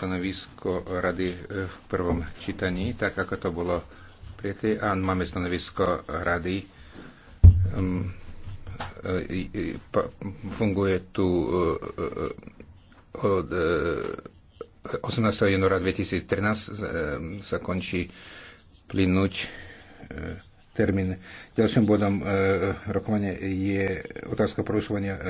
stanovisko rady eh, v prvom čítaní, tak ako to bolo prijaté. A máme stanovisko rady. Ehm, eh, funguje tu eh, od 18. januára 2013 sa končí plynúť termín. Ďalším bodom rokovania je otázka porušovania